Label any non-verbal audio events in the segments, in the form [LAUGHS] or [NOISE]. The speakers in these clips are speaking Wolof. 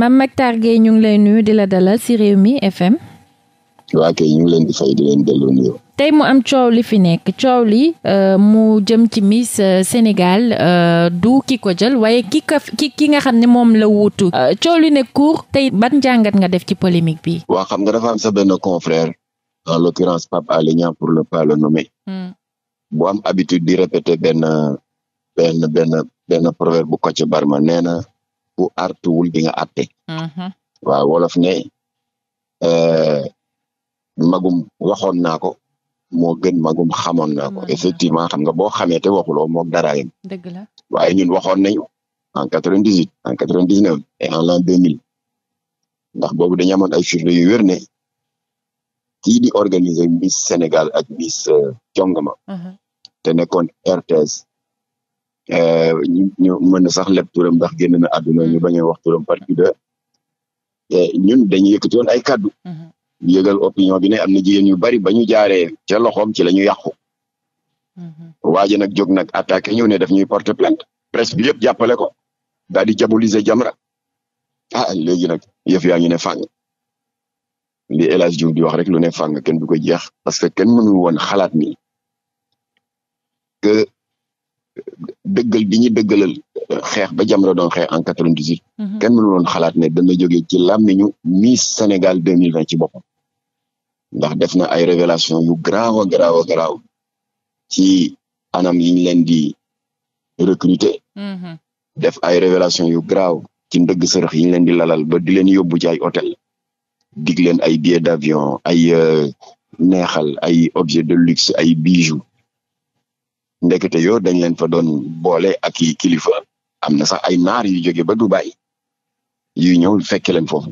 Mame Mactar Gueye ñu ngi lay nuyu di la dalal ci Rewmi FM. waa kay ñu ngi leen tey mu am coow li fi nekk coow li euh, mu jëm ci Miss euh, Sénégal euh, du ki ko jël waaye ki ka ki nga xam ne moom la wuutu coow li ne court tey ban njàngat nga def ci polémique bi. waa xam nga dafa am sa benn confrère en l'occurrence Pape Alé pour ne pas le hmm. bu am habitude di répéter benn benn bu Kocc Barma nee ku artuwul di nga te mm-hmm. waaw wolof ne euh, magum waxoon naa ko moo gën magum xamoon naa ko mm-hmm. effectivement xam nga boo xamee te waxuloo moog dara yem dëgg la waaye ñun waxoon nañu en quatre-vingt-dix-huit en quatre vingt dix et en l'an deux mille ndax boobu dañu amoon ay firnde yu wér ne kii organiser Miss Sénégal ak Miss euh, Jongama mm-hmm. te nekkoon RTS ñu mën na sax leb turam ndax génn na àdduna ñu bañ a wax turam parce que ñun dañu yëkkati woon ay kaddu. Mhm. yëgal opinion bi ne am na jigéen ñu bari ba ñu jaaree ca loxoom ci la ñu yàqu. Mhm. waaje nag jóg nag attaqué ñu ne daf ñuy porter plainte presse bi yëpp jàppale ko daal di diaboliser Jamra ah léegi nag yëf yaa ñu ne fàng li El Hadj di wax rek lu ne fàng kenn du ko jeex parce que kenn mënu woon xalaat ni dëggal di ñu dëggalal euh, xeex ba Jamra doon xeex en quatre-vingt-dix-huit mhm. kenn mënu woon xalaat ne dana jógee ci làmmiñu Miss senegal deux ci bopp ndax def na ay révélation yu garaaw a garaaw a garaaw ci anam yiñ ñu leen di recruter mhm. def ay révélation yu garaaw ci ndëgg sërëx yi ñu leen di lalal ba di leen yóbbu ci ay hôtel dig leen ay billets d'avion ay euh, neexal ay objet de luxe ay bijoux ndekete yoo dañ leen fa doon boole ak i kilifa am na sax ay naar yu jóge ba Dubaï yu ñëw fekke leen foofu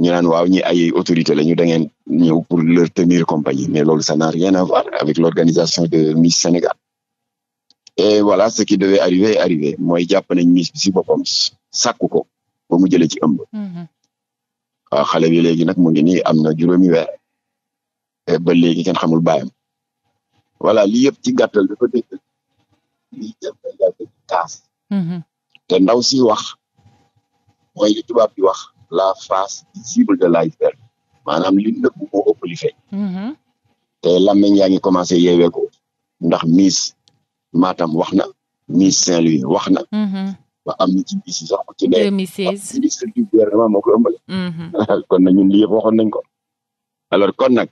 ñu naan waaw ñi ay autorité la ñu da ngeen ñëw pour leur tenir compagnie mais loolu ça n'a rien à voir avec l'organisation de Miss Sénégal et voilà ce qui devait arriver est arrivé mooy jàpp nañ Miss bi si boppam sàkku ko mu jëlee ci ëmb mm-hmm. waaw xale bi léegi nag mu ngi am na juróomi weer ba léegi kenn xamul baayam voilà li yëpp ci gàttal dafa dégg li mm-hmm. te ndaw si wax mooy li tubaab di wax la face visible de l'iceberg maanaam li nëbb moo ëpp li mm-hmm. te làmmeñ yaa ngi commencé yeewee ko ndax Miss Matam wax na Miss Saint-Louis wax na mm-hmm. ba ci bis sax ku ci dee ministre gouvernement moo ko ëmbale kon [LAUGHS] kon nag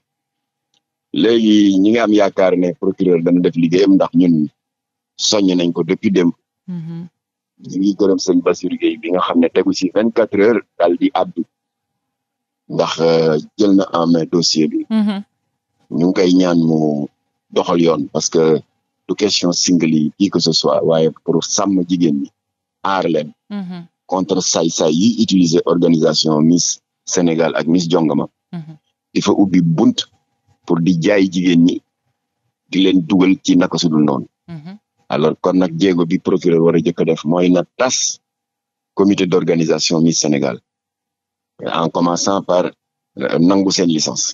léegi ñi nga am yaakaar ne procureur dana def liggéeyam ndax ñun soññ nañ ko depuis démb. Mm-hmm. ñu ngi gërëm sëñ Bassirou Guèye bi nga xam ne tegu si vingt quatre heures daal di àddu ndax euh, jël na am main dossier bi. Mm-hmm. ñu ngi koy ñaan mu doxal yoon parce que du question single yi kii que ce soit pour sàmm jigéen ñi aar leen. Mm-hmm. contre say-say yi utiliser organisation Miss Sénégal ak Miss Jongama. il faut ubbi bunt. pour di jaay jigéen ñi di leen dugal ci naka su dul mhm. alors kon nag jéego bi procureur war a jëkk def mooy na tas comité d'organisation Miss Sénégal en commençant par euh, nangu sen licence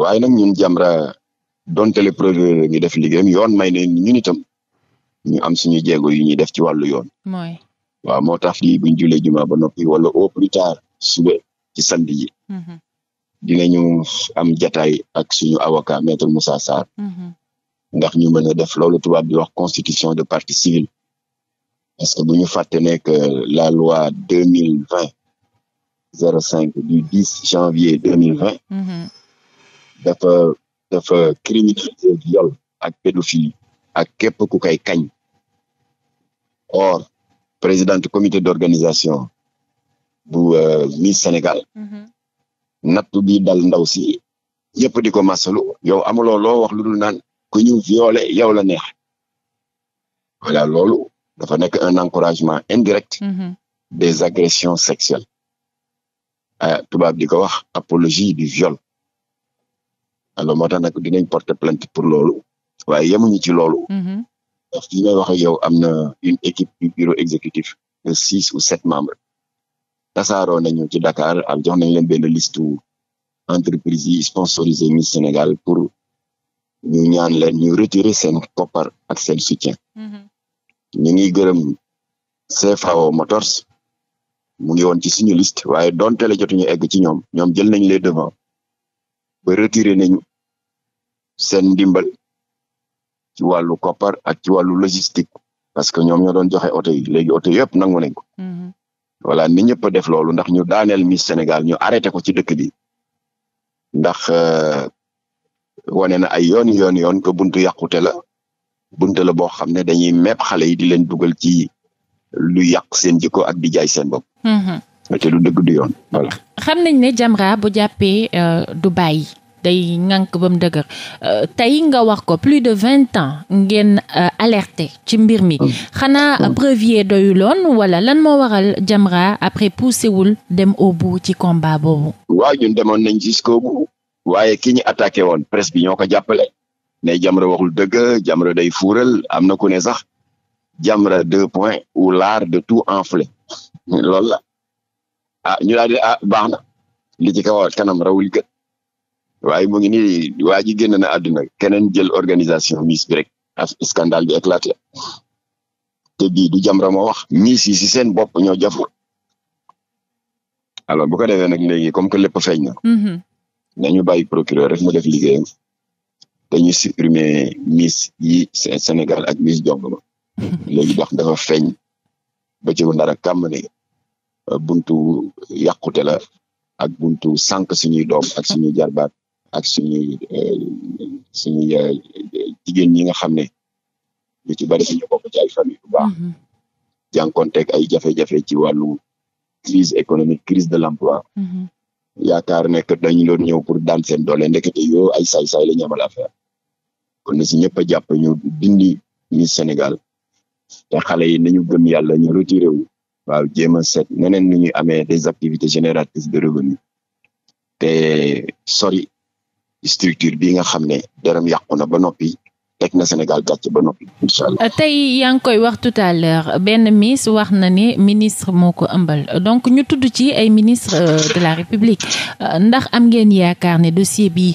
waaye nag ñun Jamra donte le procureur ngi def liggéeyam yoon may ne ñun itam ñu am suñu jéego yu ñuy def ci wàllu yoon. wa waaw moo tax lii juma ba noppi wala au plus tard suba ci samedi mhm. dinañu am jataay ak suñu avocat maître Moussa mm-hmm. ndax ñu mën a def loolu tubaab di de partie civile parce que bu fàtte ne que la loi deux mille vingt zéro cinq du dix janvier deux mille vingt mm-hmm. dafa dafa criminaliser viol ak pédophilie ak képp ku kañ or présidente comité d'organisation bu euh, Miss Sénégal mm nattu bi dal ndaw si yëpp di ko masalu yow amuloo loo wax lu dul naan ku ñu yow la neex voilà loolu dafa nekk un encouragement indirect mm-hmm. des agressions sexuelles a ah, tubaab di ko wax apologie du viol alors moo tax nag dinañ porter plainte pour loolu waaye yemuñu ci loolu mm-hmm. ndax fi may yow am une équipe bureau exécutif de six ou sept membres tasaaroo nañu ci Dakar ak jox nañ leen benn liste entreprise yi sponsorisé Miss Sénégal pour ñu ñaan leen ñu retirer seen ak seen soutien. Mm-hmm. ñu ngi gërëm CFAO Motors mu ngi woon ci suñu liste waaye donte la jotuñu egg ci ñoom ñoom jël nañ les devant ba retirer nañu seen ndimbal ci wàllu kopar ak ci wàllu logistique parce que ñoom ñoo doon joxe oto yi léegi oto yëpp nangu nañ ko. Mm-hmm. voilà ni ñëpp def loolu ndax ñu daaneel Miss Sénégal ñu arrêté ko ci dëkk bi ndax euh, wane na ay yoon yoon yoon ko buntu yàqute la buntu la boo xam ne dañuy mepp xale yi di leen dugal ci lu yàq seen jikko ak di jaay seen bopp. Mm-hmm. te lu dëgg du yoon xam nañ ne Jamra bu jàppee euh, du bàyyi. day ŋànk ba mu dëgër euh, tey nga wax ko plus de vingt ans ngeen euh, alerté ci mbir mi mm. xanaa prévier mm. doyu loon wala lan moo waral Jamra après poussé wul dem au bout ci combat boobu waaw ñun demoon nañ jusqu'au bout waaye ki ñu attaqué woon presse bi ñoo ko jàppale ne Jamra waxul dëgg Jamra day fuural am na ku ne sax Jamra deux points ou l'art de tout enfler loolu la ah, ñu daal di ah baax na kanam rawul waaye mu ngi nii waa ji génn na àdduna keneen jël organisation Miss bi rek af scandale bi éclaté te bii du moo wax Miss yi si seen bopp ñoo jafu alors bu ko defee nag léegi comme que lépp feeñ na mm-hmm. nañu bàyyi procureur rek mu def liggéeyam dañu supprimer Miss yi Sénégal ak Miss Jongoma [LAUGHS] léegi ndax dafa feeñ ba ci ndara kàmm ne buntu yàqute ak buntu sànq suñuy doom ak suñuy jarbaat ak suñuy eh, suñuy eh, jigéen ñi nga xam ne ñu ci bari dañu bokk bu baax mm-hmm. jànkoonteeg ay jafe-jafe ci wàllu crise économique crise de l'emploi mm-hmm. yaakaar ne dañu doon ñëw pour daan seen doole ndekete yoo ay saay-saay la ñu si ñëpp a jàpp ñu dindi Miss Sénégal te xale yi nañu gëm yàlla ñu retiré wu waaw jéem a seet neneen nu ñuy amee des activités génératrices de revenus te sori structure bi nga xam ne deram yàqu na ba noppi teg na Sénégal gàcce ba noppi incha allah. Euh, tey yaa ngi koy wax tout à l'heure benn miss wax na ne ministre moo ko ëmbal donc ñu tudd ci ay ministre euh, de la République euh, ndax am ngeen yaakaar ne dossier bi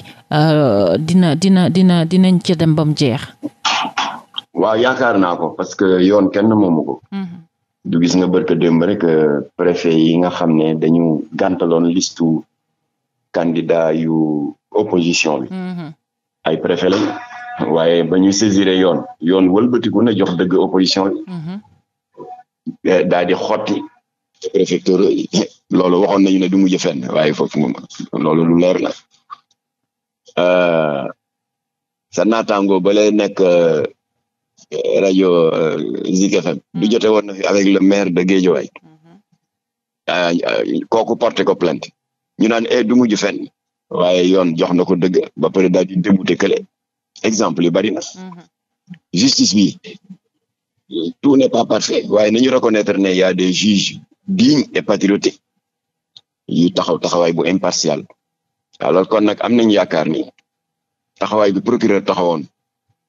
dina dina dina dinañ ci dem ba mu jeex. waaw yaakaar naa ko parce que yoon kenn moomu ko. Mhm. du gis nga barka démb rek préfet yi nga xam ne dañu gàntaloon listu candidat yu. opposition bi. Mm-hmm. ay préfet lañ waaye ba yoon yoon wëlbatiku na jox dëgg opposition bi. Mm-hmm. Eh, daal di xotti préfecture loolu waxoon nañu ne du mujj fenn waaye foofu moom loolu lu leer la euh, sa naataango ba lay nekk euh, rajo euh, Zik FM mm-hmm. du jote woon na fi avec le maire de Guédiawaye kooku porté ko plainte ñu naan e du mujj fenn waaye yoon jox na ko dëgg ba pare daal di débouté kële exemple yi bari na. Mhm. justice bi tout n'est pas parfait waaye nañu reconnaître ne y a des juges dignes et patriotiques yu taxaw taxawaay bu impartial alors kon nag am nañu yaakaar ni taxawaay bi procureur taxawoon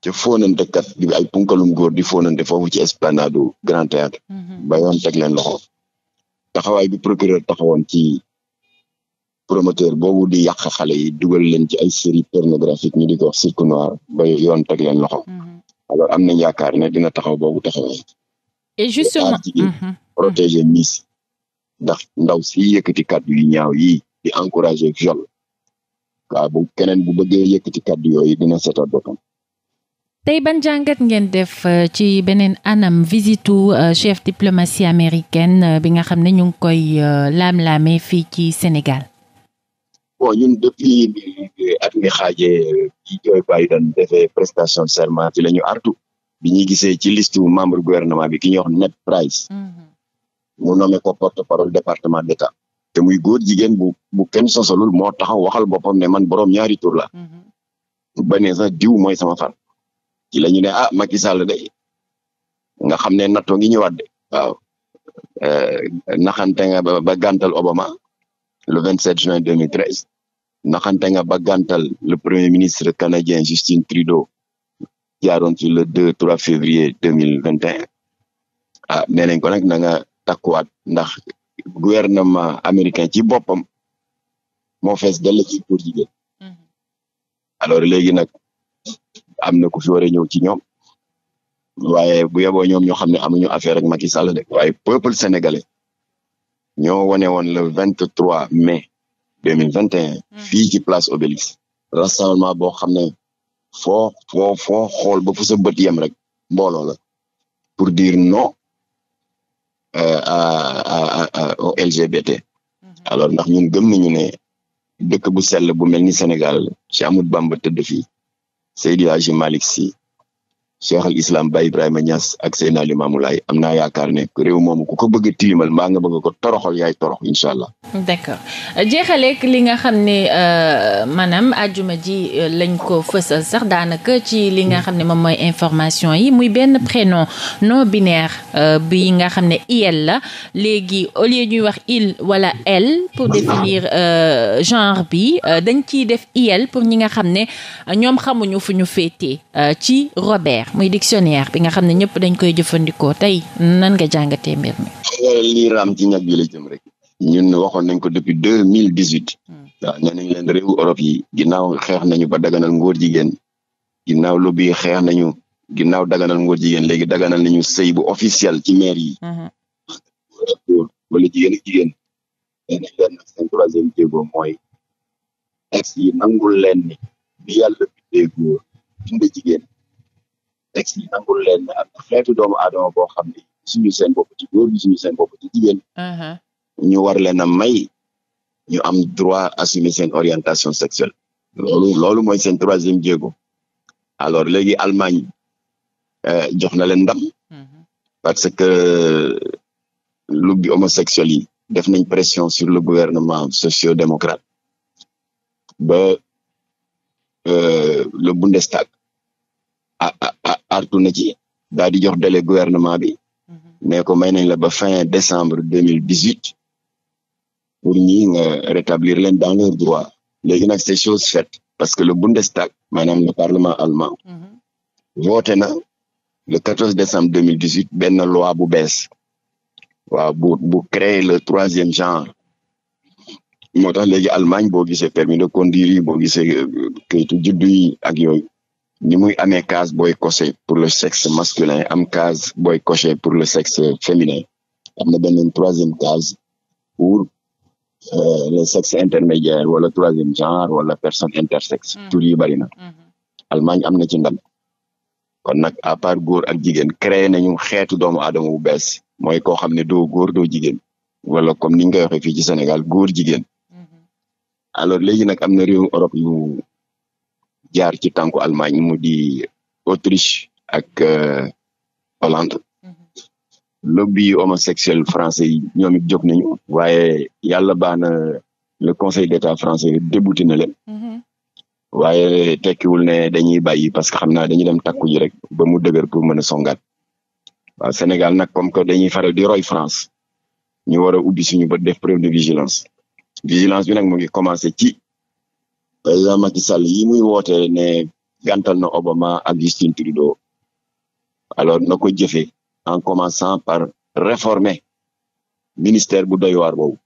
ca fóonante kat di ay punkalum góor di fóonante foofu ci esplanade Grand Théâtre mhm. ba yoon teg loxo taxawaay bi procureur taxawoon ci promoteur boobu di yàq xale yi dugal leen ci ay série pornographique ñu di ko wax cirque noir ba yoon teg leen loxo mhm. alors am nañ yaakaar ne dina taxaw boobu taxawee et justement mhm. protéger miss ndax ndaw si yëkkati kàddu yu ñaaw yi di encourager viol waaw bu keneen bu bëggee yëkkati kàddu yooyu dina seetal boppam tey ban jàngat ngeen def euh, ci beneen anam visitu euh, chef diplomatie américaine euh, bi nga xam ne ñu ngi koy laam-laamee fii ci Sénégal bon ñun depuis bi at mi xaajee bi Joe Biden defee prestation de serment ñu artu bi ci liste membre gouvernement bi ki ñuy wax Ned Price. Mm-hmm. mu nommé ko porte-parole département d'État. te muy góor jigéen bu bu sosolul moo taxaw waxal boppam ne man borom ñaari tur la. Mm-hmm. ba ne sax diw mooy sama fan. ci la ñu ne ah Macky Sall de nga xam ne nattoo ngi ñëwaat de. waaw eh, naxante nga ba gàntal Obama le 27 juin naxante nga ba gàntal le premier ministre canadien Justin Trudeau jaaroon ci le 2 3 février 2021 ah nee nañ ko nag na nga takkuwaat ndax gouvernement américain ci boppam moo fees dell ci góor mm-hmm. alors léegi nag am na ku fi war ñëw ci ñoom waaye bu yeboo ñoom ñoo xam ne amuñu affaire ak Macky Sall de waaye peuple sénégalais ño wane woon le vingt 23 mai deux mille vingt et un mm. fii ci place Obélisque rassemblement boo xam ne foo foo foo xool ba fu sa bët yem rek mbooloo la pour dire non euh, LGBT mm-hmm. alors ndax ñun gëm nañu ne dëkk bu sell bu mel ni Sénégal ci amut cheikh al islam Baye Ibrahima Niass ak Seydina Limamou am naa yaakaar ne réew moomu ku ko bëgg a tilimal mbaa nga bëgg ko toroxal yaay torox incha allah. d'accord jeexaleeg li nga xam ne euh, maanaam àjjuma ji euh, lañ ko fësal sax daanaka ci li nga xam ne moom mooy information yi muy benn prénom non binaire euh, bi nga xam ne il la léegi au lieu ñuy wax il wala il pour définir genre bi dañ ci def il pour ñi nga xam ne ñoom xamuñu fu ñu féetee ci Robert. muy dictionnaire bi nga xam ne ñëpp dañ koy jëfandikoo tey nan nga jàngatee mbir mi. Ah, wala raam ci ñag bi la jëm rek. ñun waxoon nañ ko depuis deux mille dix huit. Hmm. waaw nee nañ leen réewu Europe yi ginnaaw xeex nañu ba daganal ngóor jigéen ginnaaw lobby yi xeex nañu ginnaaw daganal ngóor jigéen léegi daganal nañu sëy bu officiel ci maire yi. Hmm. wala jigéen ak jigéen. nee nañ mooy. ex yi nangul leen ni bi yàlla bindee góor bind jigéen. texte yi nangul leen ne am na xeetu doomu aadama boo xam ne suñu seen bopp ci seen bopp uh-huh. ñu war leen a may ñu am droit assumer seen orientation sexuelle loolu loolu mooy seen troisième jéego alors léegi Allemagne euh, jox na leen ndam uh-huh. parce que lobby homosexuel yi def nañ pression sur le gouvernement sociodémocrate ba euh, le Bundestag artu na ci daal di jox délai gouvernement bi mhm. ne ko may nañ la ba fin décembre deux mille dix huit pour ñi nga rétablir leen dans leurs droits léegi nag c'est chose faite parce que le Bundestag maanaam le parlement allemand mhm. woote na le quatorze décembre deux mille dix huit benn loi bu bees waaw bu bu créer le troisième genre moo tax léegi Allemagne boo gisee permis de conduire yi boo gisee euh, kayitu juddu yi ak yooyu ni muy amee case booy coché pour le sexe masculin am case booy coché pour le sex féminin am na beneen troisième case pour euh, le sexe intermédiaire wala troisième genre wala personne intersexe hmm. tur yi bari na hmm. am na ci ndam kon nag à part ak jigéen créer nañu xeetu doomu aadama bu bees mooy koo xam ne doo góor doo jigéen wala comme ni nga koy waxee fii ci senegal góor jigéen hmm. alors léegi nag am na réew Europe yu jaar ci tànku Allemagne mu di Autriche ak euh, Hollande mhm. lobby homosexuel français yi ñoom it jóg nañu waaye yàlla baax na le conseil d'état français débouté na leen mhm. waaye tekkiwul ne dañuy bàyyi parce que xam naa dañuy dem takku ji rek ba mu dëgër pour mën a songaat waaw Sénégal nag comme que dañuy di roy France ñu war a ubbi suñu ba def preuve de vigilance vigilance bi nag mu ngi ci président Macky Sall yi muy woote ne gàntal na Obama ak Justin Trudeau alors na ko jëfee en commençant par réformer ministère bu doy waar boobu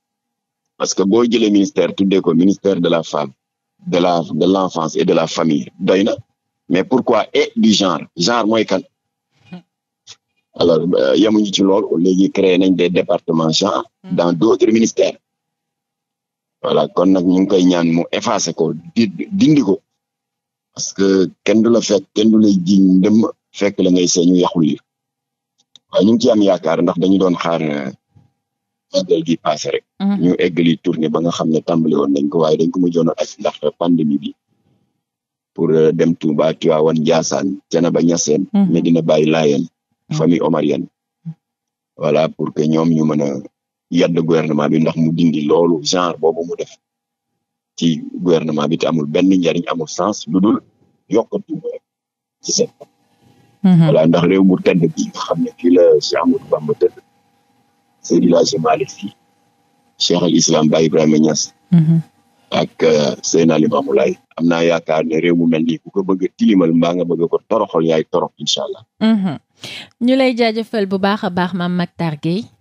parce que boo jëlee ministère tuddee ko ministère de la femme de la de l'enfance et de la famille doy na mais pourquoi et du genre genre mooy kan alors euh, yamuñu ci lool léegi créé nañ des départements genre dans d'autres ministères voilà kon nag ñu ngi koy ñaan mu effacé ko di ko parce que kenn du la fekk kenn du lay jiñ ndëmm fekk la ngay seeñu yàqul yi waaye ñu ngi ci am yaakaar ndax dañu doon xaar euh, a gi passé rek mm-hmm. ñu eggali tournée ba nga xam ne tàmbali woon nañ ko waaye dañ ko mujjoon ak ndax pandémie bi pour euh, dem Touba Tivaouane Ndiassane Thiénaba Niassène Medina mm-hmm. Baye Layène mm-hmm. famille omarienne voilà pour que ñoom ñu mën yàdd gouvernement bi ndax mu dindi loolu genre boobu mu def ci gouvernement bi te amul benn njariñ amul sens lu dul yokk tuuma rek ci seen mhm. voilà ndax réew mu tedd bi nga xam ne fii la Cheikh Amadou Bamba tëdd Seydi El Hadji Malick Sy Cheikh al Islam Baye mhm. euh, am naa yaakaar ne réew mu mel nii ku ko tilimal mbaa nga bëgg ko toroxal yaay torox incha allah mhm. ñu lay jaajëfal bu baax a baax Mame Mactar Guèye